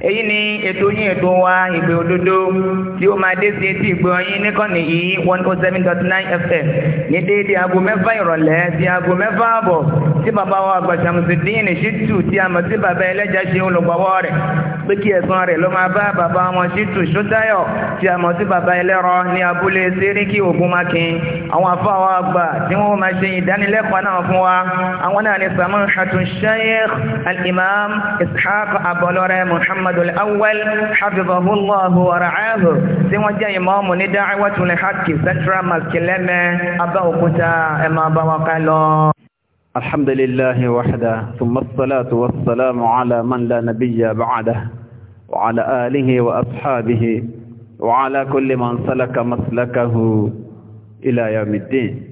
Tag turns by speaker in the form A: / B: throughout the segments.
A: èyí ni ètò yín ètò wa ìgbé òdodo tí ó máa dé sí etí ìgbé ọyìn níkànnì yìí one oh seven dot nine fm ní déédéé aago mẹ́fà ìrọ̀lẹ́ sí aago mẹ́fà àbọ̀ tí bàbá wa Ṣàmùsídíìnì Ṣítù tí a mọ̀ sí bàbá ẹlẹ́jà ṣe olùgbọ́wọ́ rẹ̀ pé kí ẹ̀sán rẹ̀ ló máa bá bàbá wọn Ṣítù Ṣótáyọ̀ tí a mọ̀ sí bàbá ẹlẹ́rọ ní abúlé Séríkì Ògúnmákin àwọn afáwọn àgbà tí wọ́n máa ṣe ìdánilẹ́kọ̀ọ́ náà fún wa àwọn náà ni Samahatu Sheikh Al-Imam Ishaq Abọlọ́rẹ́ Muhammad محمد الأول حفظه الله ورعاه سوى جاي مامو ندعوة لحق سترى ما كلمة أبو كتا إما
B: الحمد لله وحده ثم الصلاة والسلام على من لا نبي بعده وعلى آله وأصحابه وعلى كل من سلك مسلكه إلى يوم الدين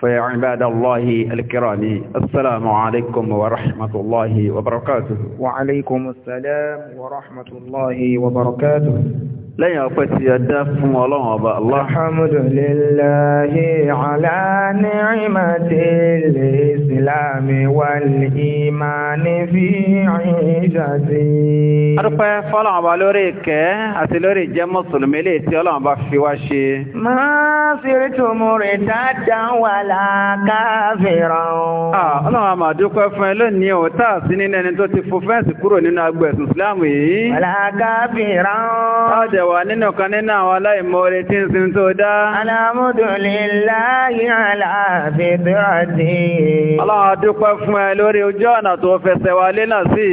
B: فيا عباد الله الكرام السلام عليكم ورحمة الله
A: وبركاته وعليكم السلام ورحمة الله وبركاته لا يفت يدف ولا الله الحمد لله على نعمة الله الإسلام والإيمان في عزتي
B: أرفع فلان بالوريك أتلوري جم مسلمي لي تلان بفواشي
A: ما صرت مرتدا ولا كافرا
B: آه أنا ما دوك فلان نيو تاسين إن أنت تفوفين سكرو نينا أقوى إسلامي ولا كافرا
A: أدى وانينو كانينا ولا إموريتين سنتودا أنا مدعو لله على فطرتي الله Ọlọ́run dúpẹ́ fún ẹ lórí ojú ọ̀nà tó fẹsẹ̀ wa lé náà sí.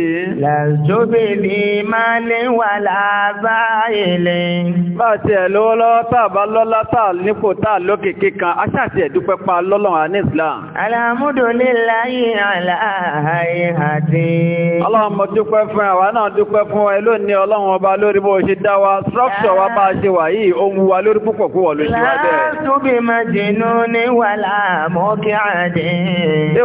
A: Lẹ́sùbí bí máa lè wà láàbá ilé. Bá ti ẹ̀ lówó lọ́wọ́ tàbá lọ́lá
B: tà nípò tà lókè kíkan, a ṣàti ẹ̀ dúpẹ́ pa lọ́lọ́run àní Islam. hayati. Ọlọ́run mo dúpẹ́ fún àwa náà dúpẹ́ fún ẹ lónìí Ọlọ́run ọba wa, structure wa bá ṣe wà yìí, ohun wa wa bẹ́ẹ̀. Látúbí
A: máa ní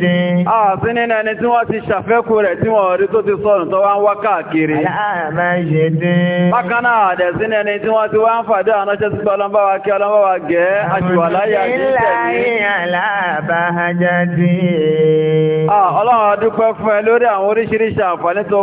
A: dín.
B: A sí nínú ẹni tí wọ́n ti ṣàfẹ́kù rẹ̀ tí wọ́n rí tó ti sọ̀rùn tó wá ń wá káàkiri.
A: Aláàmà ṣe dín.
B: Bákan náà àdẹ̀ sí ní ẹni tí wọ́n ti wá ń fàdé ànáṣẹ́ sí ọlọ́mbà wa kí ọlọ́mbà wa gẹ̀ ẹ́ aṣùwà láyé àjẹ́tẹ̀lẹ́.
A: Ọlọ́run a dúpẹ́ fún ẹ lórí àwọn oríṣiríṣi àǹfààní tó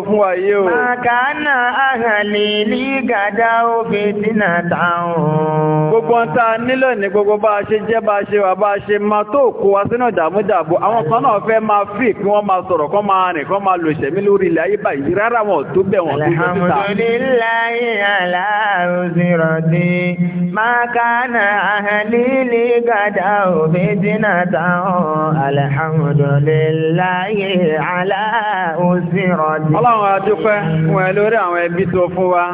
B: Gbogbo ń ta nílò ní gbogbo bá ṣe jẹ́ bá ṣe wà bá ṣe máa tó kó wa sínú ìdààmú dààbò àwọn kan náà fẹ́ máa fi kí wọ́n máa sọ̀rọ̀ kọ́ máa rìn kọ́ máa lò ṣẹ̀mí lórí ilẹ̀ ayé báyìí rárá wọn tó bẹ̀ wọ́n tó tó ta. alhamdulilayi
A: alaarusirọti makana ahalili gada obi dina taun alhamdulilayi alaarusirọti. ọlọ́run adúpẹ́ fún ẹ lórí àwọn ẹbí tó fún wa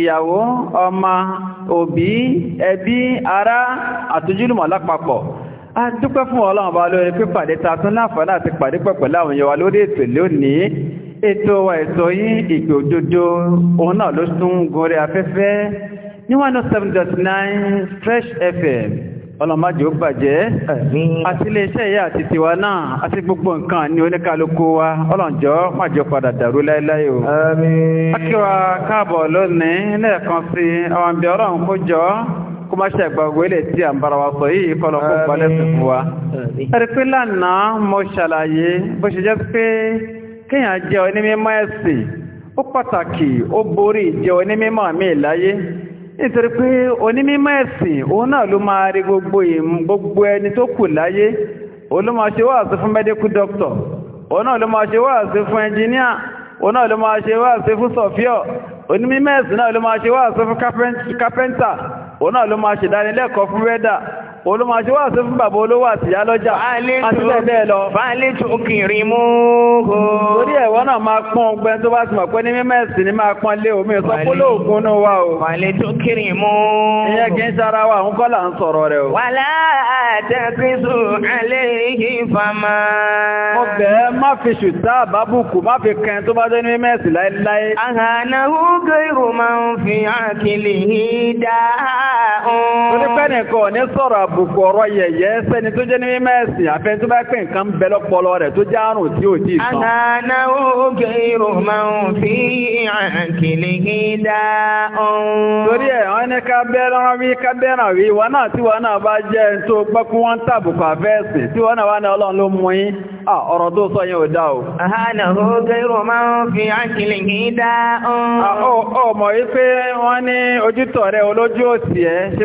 A: ìyàwó ọmọ
B: òbí ẹbí ará àtújúlùmọ̀ lápapọ̀ a dúpẹ́ fún ọlọ́run bá lórí pípàdé ta tún láǹfààní àti pàdé pẹ̀pẹ̀ láwọn yẹwa lórí ètò lónìí ètò wa ètò yín ìpè òdodo òun náà ló tún gorí afẹ́fẹ́ ní 107.9 fresh fm ọlọ́mọdé bàjẹ́ àti iléeṣẹ́ ìyá àti tiwa náà àti gbogbo nǹkan ní oníkálukú wa ọlọ́njọ́ májọ padà dàrú láéláé o. akíwa káàbọ̀ lónìí lẹ́ẹ̀kan sí àwọn ọlọ́run kó jọ kó má ṣe àgbàgbọ́ ilẹ̀ tí à ń bára wa sọ yìí kọ́nà kó balẹ̀ sí fún wa. ẹ̀rí pé lánàá mo ṣàlàyé bó ṣe jẹ́ pé kéèyàn jẹ́ onímọ̀ ẹ̀sìn ó pàtàkì ó borí jẹ́ onímọ̀ mi láyé nítorí pé onímọ̀ ẹ̀sìn òun náà ló máa rí gbogbo ẹni tó kù láyé òun ló máa ṣe wáàsí fún medical doctor òun náà ló máa ṣe wáàsí fún engineer òun náà ló máa ṣe wáàsí fún sọ̀fíọ̀ onímọ̀ ẹ̀sìn náà ló máa ṣe wáàsí fún carpenter òun náà ló máa ṣèdánilẹ́kọ̀ọ́ fún wẹ́dà olùmọ̀ṣẹ́ wà sí fún bàbá olówó àti ìyá lọ́jà àti bẹ́ẹ̀ lọ. fàálítù kìrì mú hó. torí ẹ̀wọ́ náà máa pọ́n ọgbẹ́ tó bá ti mọ̀ pé ní mímẹ́sì ni máa pọ́n lé omi sọ pé lóògùn náà wà o. fàálítù kìrì mú hó. ìyẹn kì í ṣara wa òun kọ́ là ń sọ̀rọ̀ rẹ̀ o. wàlá àtẹ̀kísù alẹ́
A: yìí fama.
B: mo bẹ̀ ẹ́ má fi ṣùtá àbábùkù má fi kẹ́ tó bá dé ní mímẹ́sì láéláé. àhànàhù
A: gẹ̀rù máa ń fi àkìlì yìí dáa.
B: torí pẹ́ nìkan ò ní sọ̀rọ̀ àbùkù ọ̀rọ̀ yẹ̀yẹ́ sẹ́ni tó jẹ́ ní mẹ́sìn àfẹ́ tó bá pè nǹkan bẹ lọ́pọlọ rẹ̀ tó já àrùn tí ò tí ì sàn. àná oge
A: roman fi àkìlì ìdá ọ̀hún. torí ẹ̀
B: wọ́n ní ká bẹ́rẹ̀ wí ká bẹ́rẹ̀ wí wọn náà tí wọn náà bá jẹ́ tó gbọ́ pé wọ́n tàbùkù àfẹ́sìn tí wọn náà wá ní ọlọ́run ló mú yín ọ̀rọ̀ tó sọ yẹn ò dá o. àná oge roman fi àkìlì ìdá ọ̀hún. ọmọ yìí pé wọ́n ní ojútọ̀ rẹ̀ olójú òsì ẹ̀ ṣe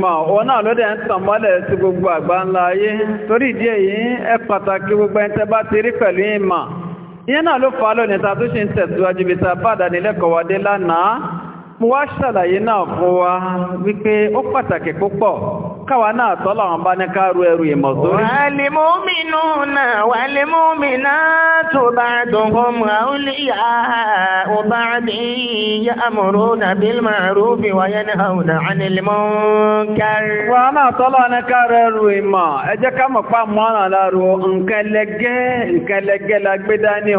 A: mọ̀ òun náà ló dẹ̀ ń tàn mọ́lẹ̀ sí
B: gbogbo àgbà ńlá ayé torí ìdí èyí ẹ pàtàkì gbogbo ẹni tẹ́ bá ti rí pẹ̀lú ìmọ̀ ìyẹn náà ló fà á lónìí ta tó ṣe ń tẹ̀síwájú bí ta bá dánilẹ́kọ̀ọ́ lánàá mo wá ṣàlàyé náà fún wa wípé ó pàtàkì púpọ̀ káwa náà tọ́lọ̀ àwọn bá ní ká ru ẹrù ìmọ̀ sórí. wà á lè mú mi nù náà wà lè mú mi náà tó
A: bá dùn kó mu àwọn ó bá mi yá àmúrò nàbí màrú bí wáyé ní àwọn àní limọ́ kárí. wà náà tọ́lọ̀ ní ká ru
B: ẹrù ìmọ̀ ẹ jẹ́ ká mọ̀ pa mọ́ náà láru nǹkan ẹlẹgẹ́ nǹkan ẹlẹgẹ́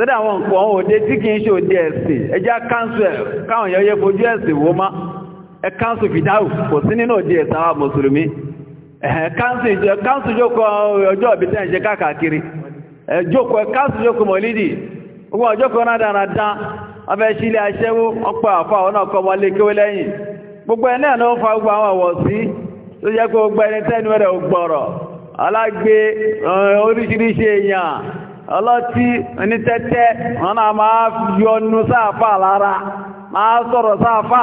B: sọ́dọ̀ àwọn nǹkan ọ̀hún òde tí kìí ṣe òde ẹ̀sìn ẹjá káńsù ẹ̀ káwọn èèyàn yẹ fojú ẹ̀sìn wó má ẹ káńsù fìdáhù kò sí nínú òde ẹ̀sìn àwọn mùsùlùmí káńsù jókòó ọjọ́ káàkiri jókòó mọ̀lídì gbogbo ọjọ́ kan náà dára ọlọ́tí onítẹ́tẹ́ wọn náà máa yọnu sáàfà lára máa sọ̀rọ̀ sáàfà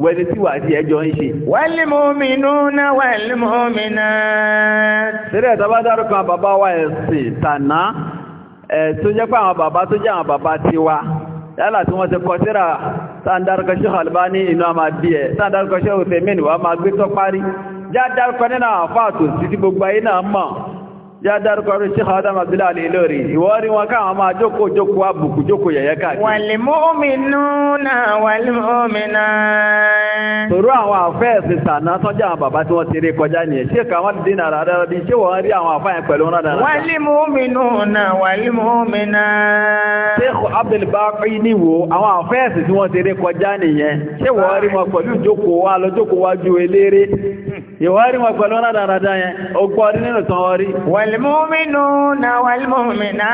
B: wẹ́ni tí wàá ti ẹjọ́ ń ṣe.
A: wẹ́lì mú mi núna
B: wẹ́lì mú mi náà. sílẹ̀ tó bá dárúkọ àwọn bàbá wa ẹ̀sìn tàná yálà tí wọ́n ti kọ síra tá ń dárúkọ inú àmà bí ẹ̀ tá ń dárúkọ máa gbé tọ́ parí já dárúkọ nínú àfáà tó sí ti gbogbo ayé náà mọ̀ já dárúkọ rí ṣíkà ọdá màbílá lè lórí ìwọ́ rí wọn káwọn máa jókòó jókòó àbùkù jókòó yẹ̀yẹ́ káàkiri.
A: wàlè mọ́mìnú náà wàlè mọ́mìnà.
B: tòró àwọn àfẹ́ẹ̀sì sànà sọ́jà àwọn bàbá tí wọ́n ti rí kọjá nìyẹn ṣé kà wọ́n dín nàrà rẹ̀ ìwárí wọn pẹ̀lú ọ̀nà dáadáa yẹn ogbọ́ ọdún nínú
A: tán wọ́rí. wàlmúmínú na wàlmúmínà.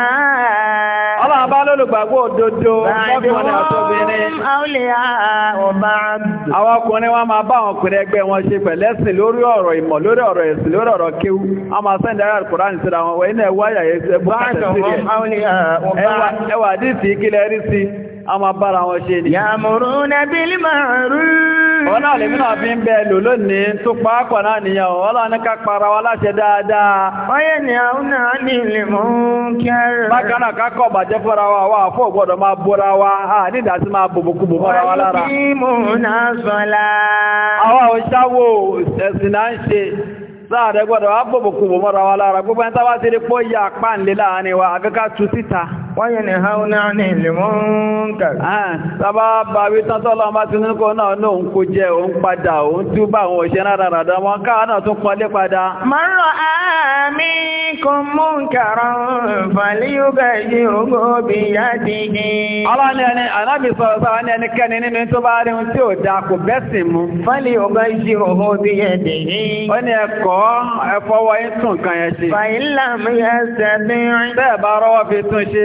A: ọlọ́run bá lólùgbàgbọ́ òdodo lọ́kùnrin àtọ́bìnrin. àwòlíyà ọba. àwọn
B: ọkùnrin wọn máa bá àwọn ọkùnrin ẹgbẹ́ wọn ṣe pẹ̀lẹ́sìn lórí ọ̀rọ̀ ìmọ̀ lórí ọ̀rọ̀ ẹ̀sìn lórí ọ̀rọ̀ kéwú. a máa sẹ́ndì ayé alukuran síra wọn wọn ṣe ni. yàmùrún nàbílì ọ̀nà lè mìíràn fi ń bẹ lò lónìí tó pàápọ̀ náà nìyàn ọlọ́ni para wa láṣẹ
A: ni àwọn náà ní ilẹ̀ mọ́ kẹrẹ bákanáà
B: kákọ̀ bàjẹ́ fọ́ra wa wà fọ́ gbọ́dọ̀ máa bóra wa ma máa bòbòkúbò mọ́ra wa lára gbogbo wọ́n yẹn ni hàn náà ní ìlúmọ́ǹkà. sábà bá wí tọ́tọ́ lọ bá tún kọ́ náà ní òun kò jẹ́ òun padà òun tú bá àwọn òṣèré rárára bí yá yìí ó ní ẹ̀kọ́ ẹ̀fọ́wọ́ yín tún kan yẹn ṣe. fàyín làmúyẹ sẹ́bí. bẹ́ẹ̀ bá rọ́wọ́ fi tún ṣe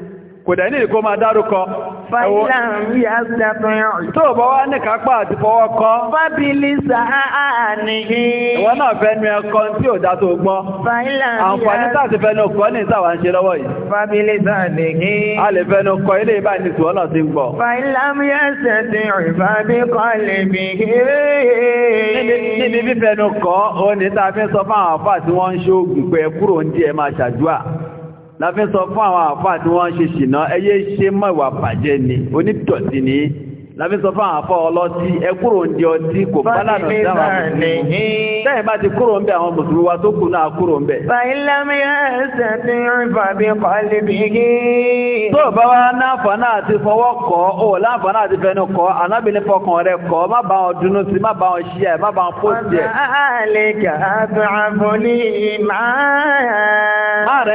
B: kò dẹ̀ ní ìkó máa dárúkọ. tó bọ́ wá
A: ní kápá àti fọwọ́ kọ́. fábílì sàá nìyí. ìwọ náà
B: fẹnu ẹ̀kọ́ tí ò dá tó gbọ́.
A: àǹfààní sáàtì
B: fẹnu kọ́ ní ìtawà ń ṣe lọ́wọ́ yìí.
A: fábílì sàá nìyí. a
B: lè fẹnu kọ ilé ìbá ní ìtùwọ́ náà ti ń gbọ́.
A: fàìlàmù yẹn ṣẹ̀sìn ìfàbí kọ́ lè mi. níbi
B: fífẹnu kọ́ òun ní ta fi sọ fún àwọn àfà tí wọ́n ń ṣe òògùn pé kúrò ń di ẹ̀ máa ṣàdúrà láfí sọ fún àwọn àfáà tí wọ́n ṣe ṣìná ẹyẹ ṣe mọ́ ìwà bàjẹ́ ni onítọ̀tí ni lábí sọ fún àfọ́ ọlọ́tí ẹkúrò ń di ọtí kò bálànà dáwà mùsùlùmí tẹ́yìn bá ti kúrò ń bẹ àwọn mùsùlùmí wa tó kù náà kúrò ń bẹ.
A: fàílàmì ẹsẹ̀ ti ń fàbí kọ́lé bìíní.
B: tó bá wá láǹfààní bá wọn dunú sí má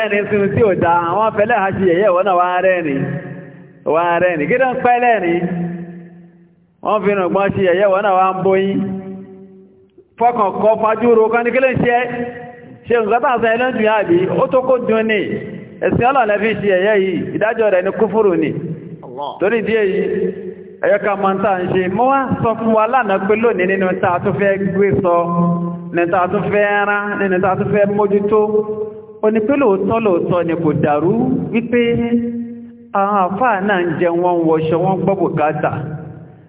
B: ti ò dáa wọ́n fi rùgbọ́n ṣe ẹ̀yẹ́ wọ́n náà wá ń bóyín fọ́kàn kọ fajúro kan ní ṣe ṣe nǹkan tàà ẹlẹ́jù yá ó tó kó ní ẹ̀sìn ọlọ́lẹ́ fi ṣe ẹ̀yẹ́ yìí ìdájọ́ rẹ̀ ní kúfúrù ni torí díẹ̀ yìí ẹ̀yọ́ ká mọ́ tàà ń ṣe mọ́ wá sọ fún wa lánàá pé lónìí nínú tàà tó fẹ́ gbé sọ nínú tàà tó fẹ́ rán nínú tàà tó fẹ́ mójútó ó ní pé lóòótọ́ lóòótọ́ ni kò dàrú wípé àwọn àfáà náà ń wọn wọṣọ wọn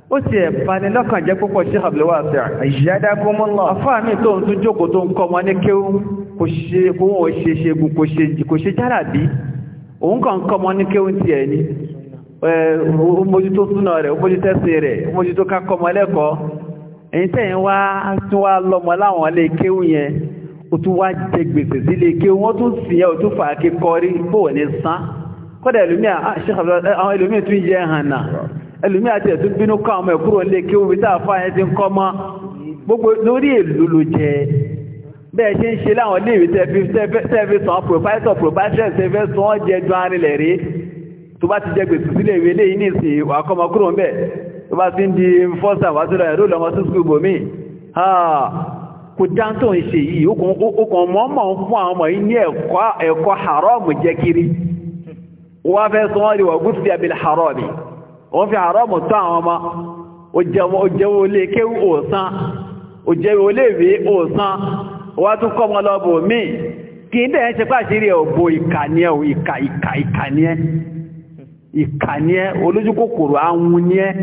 B: ó ti ẹ̀bani lọ́kàn jẹ́ púpọ̀ sí àbúlẹ̀wà àti àyíyádágúnmọ́lá afáàmì tó ń tún jókòó tó ń kọ́ mọ́ ní kéwú kò ṣe kóhùn òṣe ṣegun kò ṣe jára bí òun kàn kọ́ mọ́ ní kéwú ti ẹ̀ ní mójútó súnà rẹ̀ mójútó sí rẹ̀ mójútó ká kọ́ mọ́ lẹ́kọ̀ọ́ èyí tẹ́yìn wá tún wá lọ́mọ láwọn ilé kéwú yẹn ó tún wá jẹ gbèsè sílé kéwú wọ́n tún sì yẹn ó tún fà á kí kọrí bò ní sán kọ́dà ẹlòmíà ah, àwọn ẹlòmíà tún yẹ hàn náà ẹlùmí àti ẹ̀tún bínú kọ́ àwọn ẹ̀kúrò lè kí omi tàà fà ẹ́ ti ń kọ́ mọ́ gbogbo lórí èlò ló jẹ́ bẹ́ẹ̀ ṣe ń ṣe láwọn léèwé tẹ́ẹ̀fẹ́ sàn pòfáìsọ̀ pòfáìsọ̀ tẹ́ẹ̀fẹ́ sàn jẹ́ ju arìnlẹ̀ rí tó bá ti jẹ gbèsè sílẹ̀ ìwé léyìn ní ìsìn wà kọ́mọ kúrò ńbẹ̀ tó bá ti ń di fọ́sà wá sílẹ̀ ẹ̀rọ lọ́mọ sí skul bòmí kò dáńtọ̀ ń ṣe yìí ó kàn mọ́ mọ́ ń fún àwọn ọmọ yìí ní ẹ̀kọ́ haramu jẹ́ kiri wọ́n fẹ́ sọ wọ́n di wọ́n gúúsù bí abil haramu wọ́n fi àrọ́mù tó àwọn ọmọ òjẹ̀wò olè kéwú òsán òjẹ̀wò oléèwé òsán wá tún kọ́ mọ́ lọ́bù mí kí ní ẹ̀ ń ṣe pàṣírí ọ̀bọ̀ ìkàníẹ̀ ìkà ìkà ìkàníẹ̀ ìkàníẹ̀ olójúkòkòrò ahun ní ẹ́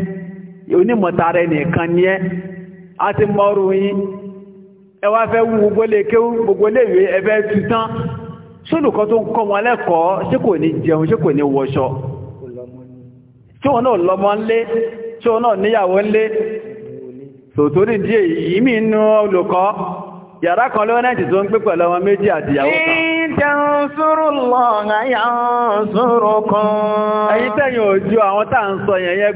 B: onímọ̀tara ẹnìkan ní ẹ́ a ti mọ́rù yín ẹ fẹ́ wú gbogbo lè kéwú gbogbo tí wọn náà lọ́mọ ńlé tí wọn náà níyàwó ńlé sòtórí díẹ̀ yìí mí inú olùkọ́ yàrá kan lọ́wọ́ náà ti tó ń pé pẹ̀lú méjì àti kan.
A: tansurullaha yansurukum.
B: ẹ̀yin tẹ̀yìn òjò àwọn tá ń sọ yẹn yẹn ó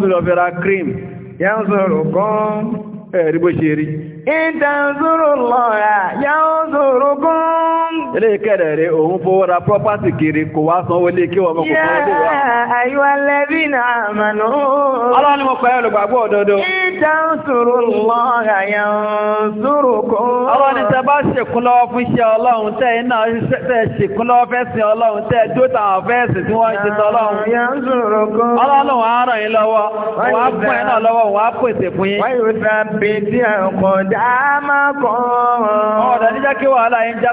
B: tún lọ fẹ́ ra yà ń sọ̀rọ̀ gan ẹ̀rí bó ṣe rí.
A: ìtànzúrò lọ́ra yà ń sọ̀rọ̀ gan.
B: ilé kiri kò wá sanwó lé kí wọ́n mọ̀kò fún wa. ayọ̀ tẹ́ǹtùrù lọ́ra yẹn zúrù bá fún iṣẹ́ ọlọ́run tẹ́ iná tẹ́ ṣèkúnlọ́ fẹ́sìn ọlọ́run tẹ́ jó tàwọn tí wọ́n ṣe tọ́lọ́run. yẹn zúrù ọlọ́run á ràn yín lọ́wọ́ wọ́n á fún náà lọ́wọ́ fún yín. ẹ̀kọ́ wàhálà yín já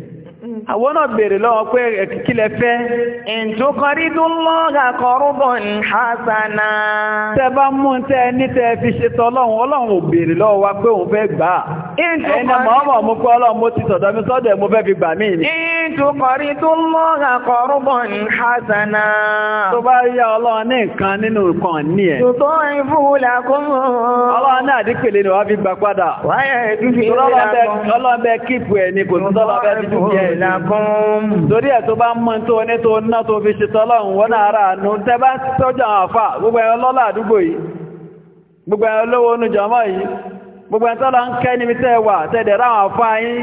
A: àwọn náà bèèrè lọ́wọ́ pé kí fẹ́ ìtòkọrídúnlọ́gà kọrúbọ̀ ń
B: mú ní fi ṣe tọ́lọ́run ọlọ́run ò bèèrè lọ́wọ́ wa pé òun fẹ́ gbà
A: ẹni mọ̀ọ́mọ̀ mú pé
B: ọlọ́run mo ti sọ̀dọ̀ mi sọ́dọ̀ mo fẹ́ fi gbà mí ni.
A: ìtòkọrídúnlọ́gà kọrúbọ̀ ń hásánà tó bá
B: dinakum. torí ẹ̀ tó bá mọ́ tó ní tó ná tó fi ṣe tọ́lọ́run wọ́n náà rà nù tẹ́ bá tọ́jọ́ àwọn àfà gbogbo ẹ̀ lọ́lá àdúgbò yìí gbogbo ẹ̀ olówó onújọ́mọ́ yìí gbogbo ẹ̀ tọ́lọ́ ń kẹ́ níbi tẹ́ wà tẹ́dẹ̀ ráwọn àfà yín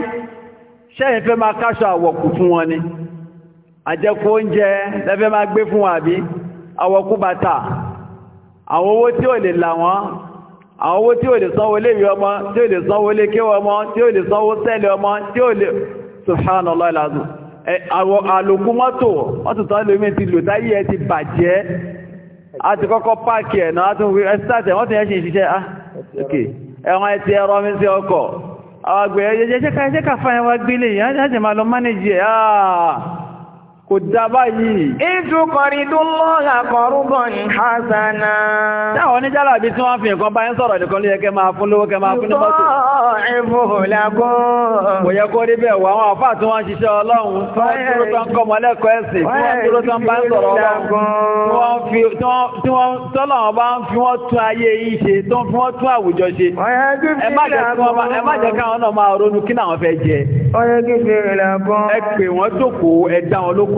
B: ṣẹ́yìn fẹ́ máa káṣọ àwọ̀kù fún wọn ni àjẹkù oúnjẹ lẹ́fẹ́ máa gbé fún wọn àbí àwọ̀kù bàtà àwọn owó tí ò lè là wọ́n àwọn owó tí ò lè sanwó léwé ọmọ tí ò lè sanwó lékéwọ́ ọmọ tí ò lè sanwó sẹ́lẹ̀ ọmọ tí ò lè subhanallah alazim àwọn àlòkú mọ́tò mọ́tò tán lè mí ti lò táyé ẹ ti bàjẹ́ a ti kọ́kọ́ páàkì ẹ̀nà a tún ẹ̀sítàtẹ̀ wọ́n ti ẹ́ ṣe ìṣiṣẹ́ ah ok ẹ̀wọ̀n ẹ̀tì ẹ̀rọ mi sí ọkọ̀ àwọn àgbẹ̀ ẹ̀yẹ́jẹ́ kò dá báyìí.
A: Ìjú kọ̀rìdún lọ́la kọ̀rúbọ̀ ní Hasana. Táwọn
B: oníjálà bí tí wọ́n fi nǹkan báyìí sọ̀rọ̀ nìkan ló yẹ kẹ máa fún lówó kẹ máa fún ní mọ́tò. Kò yẹ kó rí bẹ́ẹ̀ wà àwọn àfáà tí wọ́n ń ṣiṣẹ́ Ọlọ́run tí wọ́n dúró tán kọ́ mọ́lẹ́kọ̀ọ́ ẹ̀sìn tí wọ́n dúró tán bá ń sọ̀rọ̀ Ọlọ́run tọ́lọ́run bá ń fi wọ́n tún ayé yìí ṣe tó ń fi wọ́n tún àwùjọ ṣe. Ẹ má jẹ́ káwọn náà máa ronú kí náà fẹ́ jẹ. Ẹ pè wọ́n jókòó ẹ dá wọn lókò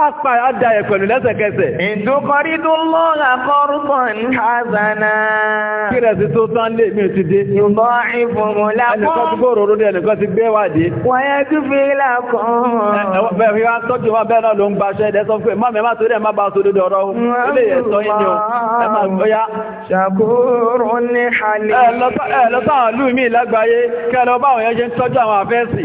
B: Apá àdá ẹ̀ pẹ̀lú lẹ́sẹ̀kẹsẹ̀.
A: Ìdókọrídó lọ́la kọ́rùbọ̀ ní Hazana. Kí rẹ̀ sí tó tán lè mí ti dé. Yùbọ́ ìfòrò lápọ̀. Ẹnìkan
B: ti gbòòrò rúdé ẹnìkan fi lákọ̀. Bẹ́ẹ̀ fi wá tọ́jú wa bẹ́ẹ̀ náà ló ń gbaṣẹ́ ẹ̀dẹ́ sọ pé mọ́mí má torí ẹ̀ má bá aṣọ òdodo ọ̀rọ̀ ilé yẹn sọ yín ni o. Ẹ máa gbọ́ yá. Ṣàkóró mi lágbàáyé kẹ́ lọ bá àwọn yẹn tọ́jú àwọn àfẹ́sì.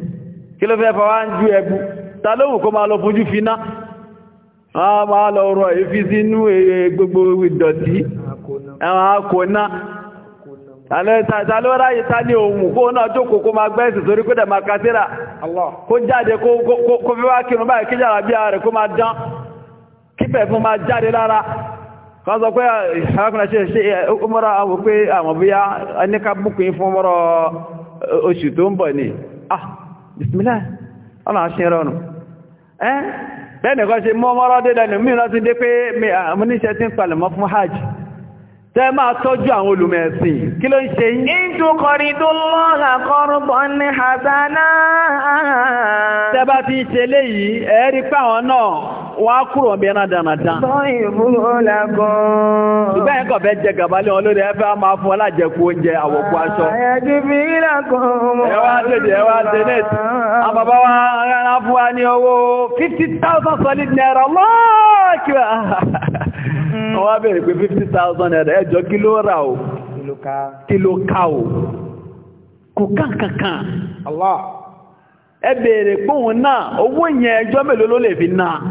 B: kí ló fẹ́ fọwá ń jú ẹbú ta lóhùn kó máa lọ fojú finá wọ́n máa lọ rọ èéfí sínú e, e, gbogbo ìdọ̀tí ẹ̀wọ̀n akọ̀ọ́ná ta ló ráyè ta ní ohun kó náà jókòó kó máa gbẹ́sì sórí kó dẹ̀ máa kásírà kó jáde kó fi wá kírun báyìí kí jàrà bí ààrẹ kó máa dán kí pẹ̀fún máa jáde lára kan sọ pé arákùnrin ṣe ṣe ọmọrọ àwọn pé àwọn bóyá ẹni ká bùkún fún ọmọrọ oṣù tó ń bọ̀ ni ah bisimilá ọ̀nà ṣe rọrùn ẹ́ bẹ́ẹ̀ni kan ṣe mọ́mọ́rọ́ dédẹ̀lẹ̀ mìíràn ti dé pé amúníṣẹ́ ti ń palẹ̀mọ́ fún hajj tẹ́ máa tọ́jú àwọn olùmẹ̀sìn kí ló
A: ń ṣe yín. ìtukọ̀rìdúnlọ́hà kọ́rùbọ̀ ní hasana. tẹ́
B: Wa á kúrò bí ẹ̀nà dánadáa.
A: sọ́yìn ṣùgbọ́n ẹ̀kọ́
B: jẹ gàbálẹ̀ ọlọrọ ẹ̀fẹ́ a fún alájẹkù oúnjẹ àwọ̀kú aṣọ. ẹ
A: wá tètè ẹ wá tètè
B: àbàbá wa rárá fún wa ní owó fifty thousand solid naira lọ́ọ̀kì wa. Mm. wọ́n wá pé fifty thousand naira rà o. ká o. kò kankan. ẹ pé òun náà owó yẹn ẹjọ́ mélòó ló lè fi náà.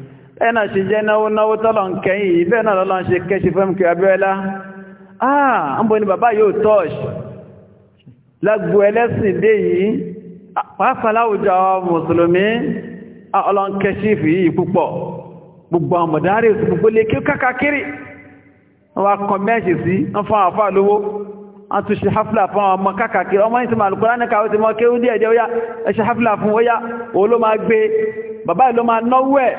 B: ẹ̀nà ṣe jẹ́ náwó náwó tọ́lọ̀ ń kẹ́yìn yìí bẹ́ẹ̀ náà lọ́lọ́ ṣe kẹ́ṣe fẹ́mkì Abíọ́lá ah ń bọ́ ni bàbá yóò tọ́ọ̀ṣ lágbó ẹlẹ́sìn dé yìí ah, pàápàá láwùjọ mùsùlùmí ah, ọlọ́n kẹ́ṣe gbogbo àmọ̀dárí òsì gbogbo lè kí kákàkiri wọ́n bàbá ìlú máa náwó ẹ̀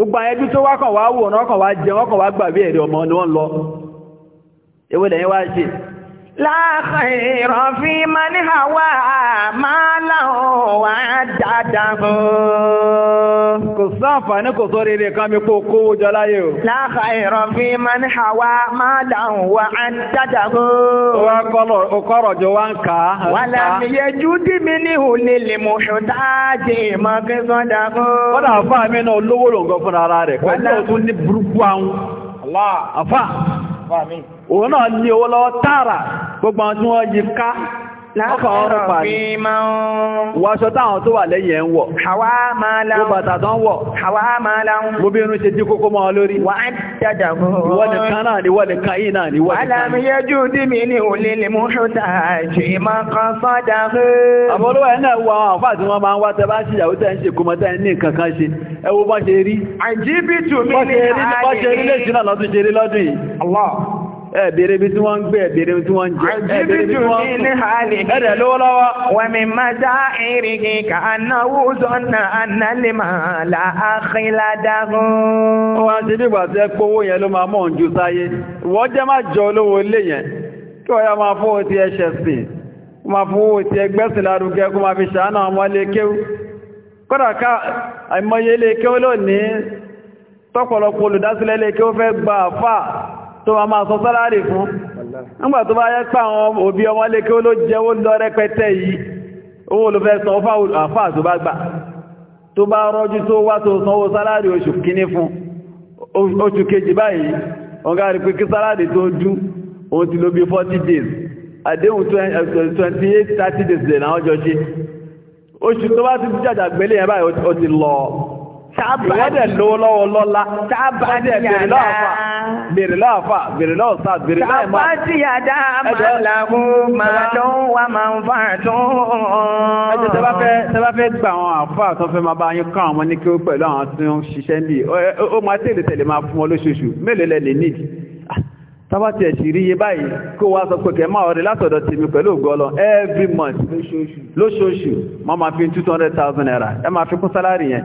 B: gbogbo àyẹ́jú tó wá kàn wá wò náà kàn wá jẹun ọkàn wá gbàgbé ẹ̀rẹ̀ ọmọ ni wọ́n lọ ewé lẹ́yìn wá ṣe
A: láàkàìrọ̀ fi máa ní àwa máa láwọn wà dáadáa kò sáǹfàní
B: kò sórí ilé kan mi kó kówó jọ láyé o láàkàìrọ̀ fi máa ní àwa máa láwọn
A: wà dáadáa wá kọ́rọ̀ jọ wá ń kà á wà láàmìyẹ jú dí mi ní òlè lè mọ̀ ṣọ̀dáàjì ìmọ̀ kí sọ́dá kó wọ́n náà fà mí náà
B: olówó lòǹgọ́ fúnra rẹ̀ pẹ̀lú òtún ní burúkú àwọn àfà òun náà ní owó lọ́wọ́ tààrà gbogbo àwọn tí wọ́n yí ká láàkọ̀ọ́rọ̀ pàdé wọ́ṣọ táwọn tó wà lẹ́yìn ẹ̀ ń wọ̀ ló bàtà tán
A: wọ̀ bó bí irun ṣe tí kókó mọ́ lórí ìwọ nìkan náà ni wọ́n nìkan yìí náà ni wọ́n nìkan alamiyẹ́jú dìmí ní olè lè mú ṣúta ṣe máa kan sọ́dá
B: àbọ̀lọ́wọ́ ẹ̀ náà wọ àwọn àfáà tí wọ́n máa ń wá tẹ́ bá ṣìyàwó tẹ́ ń ṣe kó mọ́ tẹ́ ní nǹkan kan ṣe ẹ wo bọ́n ṣe rí bọ́n ṣe rí lè ṣe náà lọ́dún ṣe rí lọ́dún yìí ẹ̀bẹ̀rẹ̀ bí tí wọ́n ń gbé ẹ̀bẹ̀rẹ̀ bí tí wọ́n ń jẹ ẹ̀bẹ̀rẹ̀ bí tí wọ́n ń kú ẹ̀rẹ̀ lówó lọ́wọ́. wọ́n mi máa dá
A: ìrìngì ká náwó sọ́nà ànálẹ́ máa la àkìlá dáhùn. ó wá ti dìgbà tí ẹ pé owó yẹn ló máa mọ̀ ń ju sáyé ìwọ́n jẹ́ má
B: jọ olówó ilé yẹn kí wọ́n yá máa fowó ti ẹ̀ṣẹ̀ sí kó máa fowó ti ẹgbẹ́sìn lárugẹ kó máa fi ṣàánà ọmọ ilé kéwú kódà ká àìmọye ilé kéwú lónìí tọ́pọ̀lọpọ̀ olùdásílẹ̀ ilé kéwú fẹ́ gba àfáà tó ma máa sọ sálárì fún nígbà tó bá yẹ pé àwọn òbí ọmọ lé kí ó ló jẹ́wó lọ rẹpẹtẹ yìí owó ló fẹ́ san fáà tó bá gbà tó bá rọ́jú tó wá tó sanwó sálárì oṣù kíní fún oṣù kejì báyìí wọ́n gárí pé kí sálárì tó dú òun ti ló bí 40 days eh, days lè náà jọ ṣe oṣù tó bá ti jàjà gbélé yẹn báyìí ó ìwọ́dẹ̀ lówó lọ́wọ́ lọ́la ọdẹ bèrè lọ́ọ̀fà bèrè lọ́ọ̀fà bèrè lọ́ọ̀sà bèrè lọ́ọ̀mà. sábà tí a dá máa làmú máa dún wá máa ń fà tún. ẹ jẹ́ sábà fẹ́ gba àwọn àfa tó fẹ́ máa bá yín kán àwọn ní kí ó pẹ̀lú àwọn tí wọ́n ń ṣiṣẹ́ níbi ó máa tẹ̀lé tẹ̀lé máa fún ọ lóṣooṣù mélòó lẹ lè nídìí ah, tábà tí ẹ̀ sì rí iye báyìí kó wá sọ pé kẹ́ máa ọ̀rẹ́ látọ̀dọ̀ tèmi pẹ̀lú ògọ́lọ every month lóṣooṣù máa máa fi two hundred thousand naira ẹ máa fi kún sálárì yẹn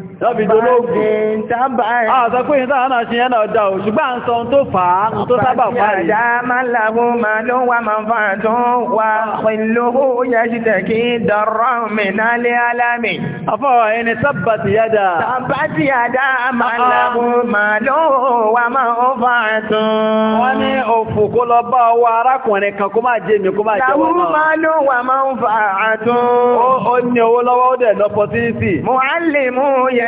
B: lọ́bí dológun àtọ́kùn yìí tàà náà ṣe yẹ́nà ọ̀dá ò ṣùgbà ń sọ tó fà á tó sábà parí
A: Afọ́wà ẹni tábàtì yádá. Tábàtì yádá máa lábú máa lóòó wà máa ó fàá tún. Wọ́n ní òfò kó lọ bá ọwọ́
B: arákùnrin kan kó máa jẹ́ mi kó máa jẹ́ wà náà. Lábú máa lóòó wà máa
A: ó fàá tún. Ó ní owó lọ́wọ́ ó dẹ̀ lọ́pọ̀ sí sí. Mùhálìmù yẹ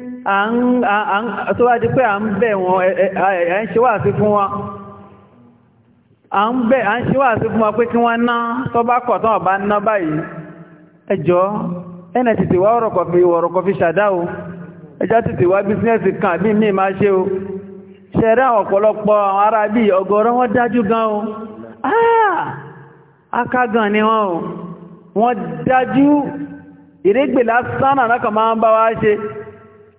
B: tó bá di pé à ń bẹ̀ wọn à ń ṣe wà sí fún wọn à ń bẹ̀ à ń ṣe wà sí fún wọn pé kí wọ́n ná tó bá kọ̀ tán ọ̀bá ná báyìí ẹjọ́ ẹnà tètè wá ṣàdá o ẹjá tètè wá bísínẹ́sì kan àbí mí máa ṣe o ṣẹ̀rẹ́ àwọn ọ̀pọ̀lọpọ̀ àwọn ará bí ọ̀gọ̀rọ̀ wọn dájú gan o akágan ni o wọ́n dájú ìrégbè lásán àrákan máa ń bá wá ṣe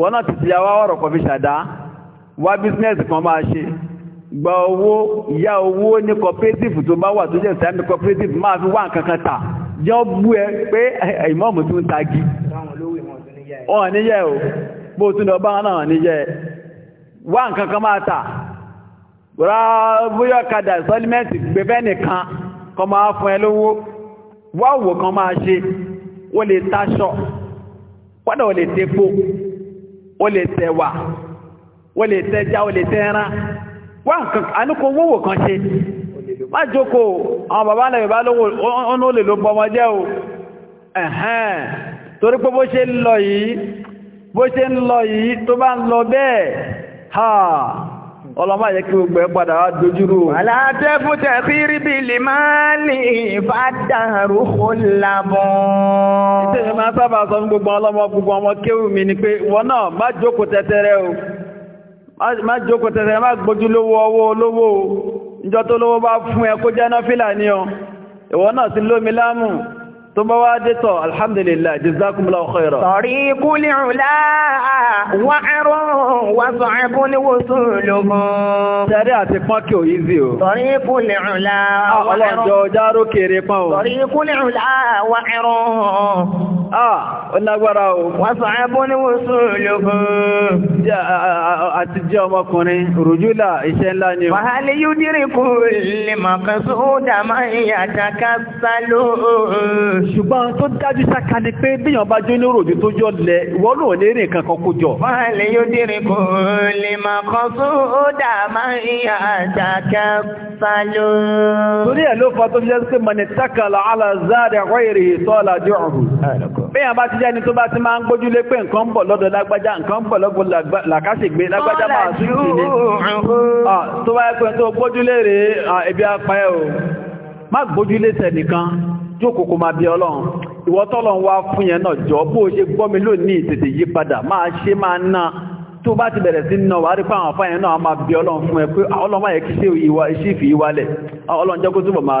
B: wọ́n náà ti ti yà wá ọ̀rọ̀ kọfí ṣàdá wá bísínẹ́sì kan máa ṣe gba owó yá owó ní cooperative tó bá wà tó jẹ́ ìsáàmì cooperative máa fi wá nǹkan kan tà jọ bú ẹ pé ìmọ̀mù tún tagi ọ̀hàn níyẹ́ o bó tún lọ bá náà níyẹ́ wá nǹkan kan máa tà rà bóyá kadà sọ́límẹ́ǹtì gbẹ̀fẹ́ nìkan kan máa fún ẹ lówó wá òwò kan máa ṣe ó lè taṣọ pọ́dọ̀ ó lè tepo o tẹwà, tẹ wà o tẹ wá nǹkan àníkò kan ṣe má jókòó àwọn bàbá náà lówó ó lè ló bọmọ jẹ́ o ẹ̀hẹ́n torí pé bó ṣe ń lọ yìí bó ṣe ń lọ yìí tó bá ń lọ
A: bẹ́ẹ̀ ọlọ́mọ yẹ kí gbogbo ẹ padà wá dojúrú. alátẹ́fútẹ́ fíríbì lè máa ní ìfádàrú kólàbọ̀.
B: ìṣèlú máa sábà sọ fún gbogbo ọlọ́mọ gbogbo ọmọ kéwù mi ni pé wọn náà má jókòó tẹ́tẹ́rẹ́
A: o
B: má jókòó tẹ́tẹ́rẹ́ má gbójú lówó ọwọ́ olówó o ìjọ tó lówó bá fún ẹ kó jẹ́ náà fìlà ni o ìwọ náà ti lómi láàmú tó bá wá dé tọ̀ alhamdulillah jazakumullahu khairan. sọ̀rí kúlì ọ̀la wà ẹ̀rọ wà sọ ẹ̀kú ní
A: wosùn lógún. sẹ́rí àti pọ́nkì ò yí sí o. sọ̀rí ah, o. wà ẹ̀rọ. ah ó lágbára o. wà sọ ẹ̀kú ní wosùn lógún. àti jẹ́ ṣùgbọ́n tó dájú
B: sáka ni pé bíyàn bá jó ní ròdì tó jọ lẹ ìwọ náà ní rìn kankan kó jọ.
A: máa lè yóò dìrín kò lè máa kan sódà máa ń yà àjàkà sálọ.
B: torí ẹ̀ ló fa tó fi jẹ́ pé mọ̀nì tákàlà aláàzáàdì àwọn èrè ìtọ́lá jọ ọ̀hún. bíyàn bá ti jẹ́ni tó bá ti máa ń gbójú lé pé nǹkan ń bọ̀ lọ́dọ̀ lágbájá nǹkan ń bọ̀ lọ́gbọ̀ làkàṣègbè lágbájá máa sùn sí ni. tó bá yẹ pé tó gbójú lé rèé ẹ̀bí apá ẹ̀ o má gbójú lé sẹ́nìkan jókòó máa bí ọlọ́run ìwọ tọ́lọ́run wá fún yẹn náà jọ bó ṣe gbọ́ mi lónìí tètè yí padà máa ṣe máa ná tó bá ti bẹ̀rẹ̀ sí náà wà á rí fáwọn afá náà a máa bí ọlọ́run fún ẹ pé ah, ọlọ́run máa yẹ kí ṣe ìwà iṣẹ́ ìfì ìwálẹ̀ ah, ọlọ́run jẹ́ kó túbọ̀ máa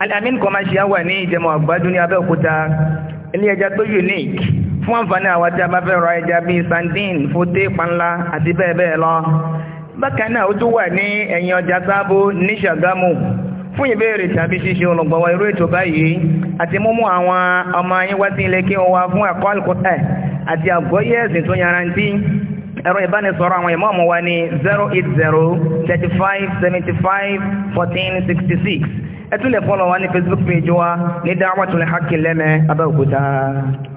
A: alamin commercial wà ní ìjẹmọ̀ àgbàdún ní abẹ́òkúta ilé ẹja tó unique fún àǹfààní àwọn tí a bá fẹ́ ra ẹja bíi sandin fóté panla àti bẹ́ẹ̀ bẹ́ẹ̀ lọ bákan náà ó tún wà ní ẹ̀yìn ọjà sábó ní ṣàgámù fún ìbéèrè tàbí ṣíṣe olùgbọ̀wọ́ irú ètò báyìí àti múmú àwọn ọmọ yín wá sí ilé kí wọ́n wá fún ẹ̀kọ́ àlùkọ́tẹ̀ àti àgbọ́yé ẹ̀sìn tó yarantí ẹ̀rọ ìbánisọ̀rọ̀ àwọn ìmọ̀ọ́mù wa ní zero eight zero thirty five seventy five fourteen sixty six ẹ tún lè fọ́lọ̀ wa ní Facebook page wa ní dáwàtúnlẹ̀ hákì lẹ́mẹ́ Abẹ́òkúta